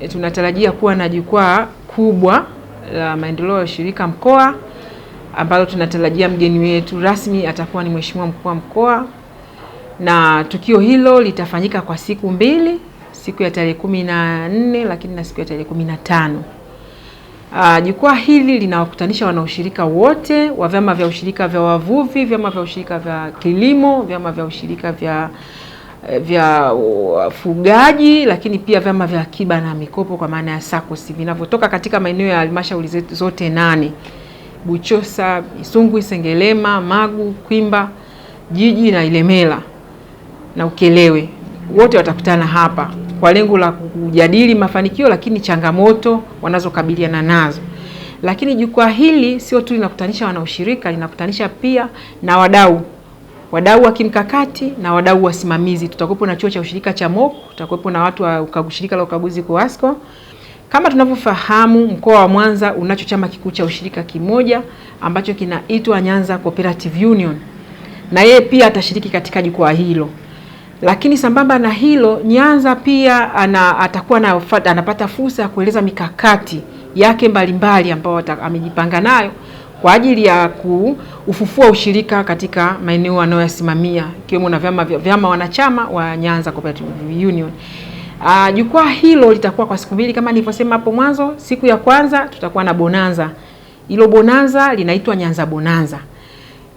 E, tunatarajia kuwa na jukwaa kubwa la maendeleo ya ushirika mkoa ambalo tunatarajia mgeni wetu rasmi atakuwa ni Mheshimiwa Mkuu wa Mkoa, na tukio hilo litafanyika kwa siku mbili, siku ya tarehe kumi na nne lakini na siku ya tarehe kumi na tano. Jukwaa hili linawakutanisha wanaushirika wote wa vyama vya ushirika vya wavuvi, vyama vya ushirika vya kilimo, vyama vya ushirika vya Eh, vya wafugaji lakini pia vyama vya akiba na mikopo kwa maana ya SACCOS vinavyotoka katika maeneo ya halmashauri zote nane: Buchosa, Isungwi, Sengelema, Magu, Kwimba, Jiji na Ilemela na Ukelewe. Wote watakutana hapa kwa lengo la kujadili mafanikio lakini changamoto wanazokabiliana nazo. Lakini jukwaa hili sio tu linakutanisha wanaushirika, linakutanisha pia na wadau wadau wa kimkakati na wadau wasimamizi. Tutakuwepo na chuo cha ushirika cha MOP, tutakuwepo na watu wa shirika la ukaguzi KUWASCO. Kama tunavyofahamu, mkoa wa Mwanza unacho chama kikuu cha ushirika kimoja ambacho kinaitwa Nyanza Cooperative Union, na yeye pia atashiriki katika jukwaa hilo. Lakini sambamba na hilo, Nyanza pia ana, atakuwa na, anapata fursa ya kueleza mikakati yake mbalimbali ambayo amejipanga nayo kwa ajili ya kuufufua ushirika katika maeneo anayoyasimamia ikiwemo na vyama, vyama wanachama wa Nyanza Cooperative Union. Uh, jukwaa hilo litakuwa kwa siku mbili kama nilivyosema hapo mwanzo. Siku ya kwanza tutakuwa na bonanza. Hilo bonanza linaitwa Nyanza Bonanza.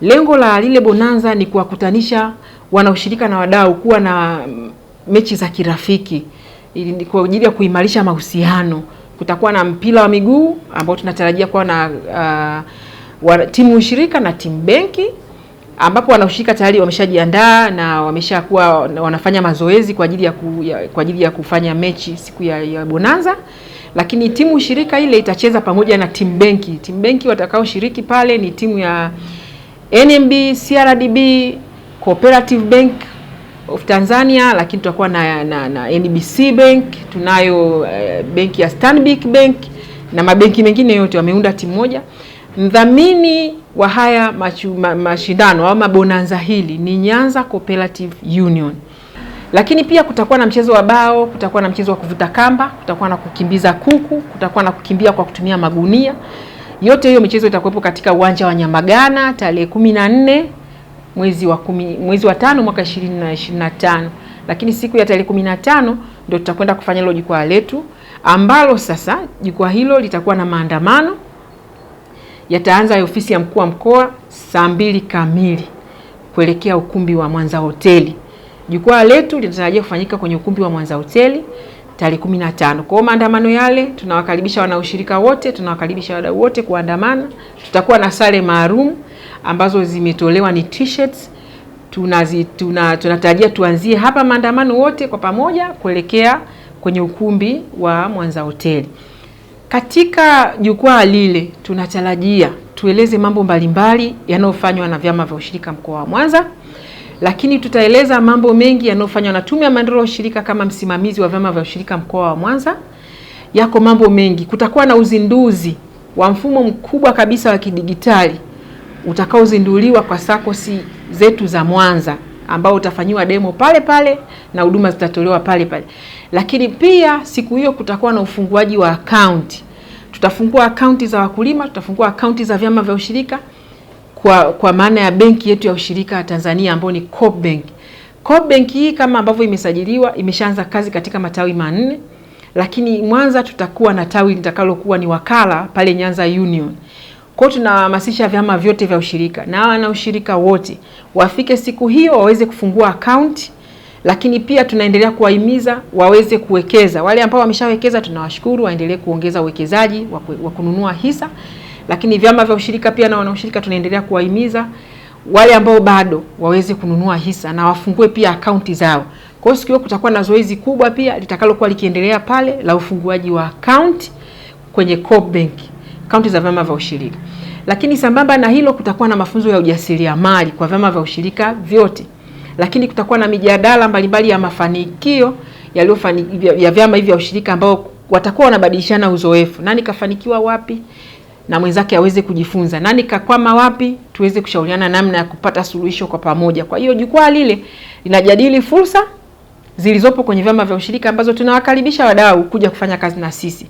Lengo la lile bonanza ni kuwakutanisha wanaushirika na wadau kuwa na mechi za kirafiki ili kwa ajili ya kuimarisha mahusiano. Kutakuwa na mpira wa miguu ambao tunatarajia kuwa na uh, wana, timu ushirika na timu benki ambapo wanaushirika tayari wameshajiandaa na wameshakuwa wanafanya mazoezi kwa ajili ya, ku, ya, kwa ajili ya kufanya mechi siku ya, ya bonanza lakini timu ushirika ile itacheza pamoja na timu benki. Timu benki watakaoshiriki pale ni timu ya NMB, CRDB, Cooperative Bank of Tanzania, lakini tutakuwa na, na, na NBC Bank, tunayo uh, benki ya Stanbic Bank na mabenki mengine yote wameunda timu moja. Mdhamini wa haya mashindano ma, ma au mabonanza hili ni Nyanza Cooperative Union, lakini pia kutakuwa na mchezo wa bao, kutakuwa na mchezo wa kuvuta kamba, kutakuwa na kukimbiza kuku, kutakuwa na kukimbia kwa kutumia magunia. Yote hiyo michezo itakuwepo katika uwanja wa Nyamagana tarehe 14 mwezi wa kumi, mwezi wa tano mwaka 2025, lakini siku ya tarehe 15 ndio tutakwenda kufanya hilo jukwaa letu, ambalo sasa jukwaa hilo litakuwa na maandamano yataanza ofisi ya mkuu wa mkoa saa mbili kamili kuelekea ukumbi wa Mwanza Hoteli. Jukwaa letu linatarajia kufanyika kwenye ukumbi wa Mwanza Hoteli tarehe 15. Kwa hiyo maandamano yale tunawakaribisha wanaushirika wote, tunawakaribisha wadau wote kuandamana. Tutakuwa na sare maalum ambazo zimetolewa ni t-shirts. Tunazi, tuna, tunatarajia tuanzie hapa maandamano wote kwa pamoja kuelekea kwenye ukumbi wa Mwanza Hoteli. Katika jukwaa lile tunatarajia tueleze mambo mbalimbali yanayofanywa na vyama vya ushirika mkoa wa Mwanza, lakini tutaeleza mambo mengi yanayofanywa na Tume ya Maendeleo ya Ushirika kama msimamizi wa vyama vya ushirika mkoa wa Mwanza. Yako mambo mengi. Kutakuwa na uzinduzi wa mfumo mkubwa kabisa wa kidigitali utakaozinduliwa kwa sakosi zetu za Mwanza ambao utafanyiwa demo pale pale na huduma zitatolewa pale pale. Lakini pia siku hiyo kutakuwa na ufunguaji wa akaunti. Tutafungua akaunti za wakulima, tutafungua akaunti za vyama vya ushirika kwa kwa maana ya benki yetu ya ushirika Tanzania ambayo ni Coop Bank. Coop Bank hii kama ambavyo imesajiliwa imeshaanza kazi katika matawi manne, lakini Mwanza tutakuwa na tawi litakalokuwa ni wakala pale Nyanza Union. Kwa hiyo tunahamasisha vyama vyote vya ushirika na wana ushirika wote wafike siku hiyo waweze kufungua akaunti, lakini pia tunaendelea kuwahimiza waweze kuwekeza. Wale ambao wameshawekeza tunawashukuru, waendelee kuongeza uwekezaji wa kununua hisa, lakini vyama vya ushirika pia na wana ushirika tunaendelea kuwahimiza wale ambao bado waweze kununua hisa na wafungue pia akaunti zao. Kwa hiyo siku hiyo kutakuwa na zoezi kubwa pia litakalokuwa likiendelea pale la ufunguaji wa akaunti kwenye Coop Bank kaunti za vyama vya ushirika. Lakini sambamba na hilo, kutakuwa na mafunzo ya ujasiriamali kwa vyama vya ushirika vyote, lakini kutakuwa na mijadala mbalimbali ya mafanikio yaliyofani ya vyama hivi vya ushirika, ambao watakuwa wanabadilishana uzoefu, nani kafanikiwa wapi na mwenzake aweze kujifunza, nani kakwama wapi, tuweze kushauriana namna ya kupata suluhisho kwa pamoja. Kwa hiyo jukwaa lile linajadili fursa zilizopo kwenye vyama vya ushirika ambazo tunawakaribisha wadau kuja kufanya kazi na sisi.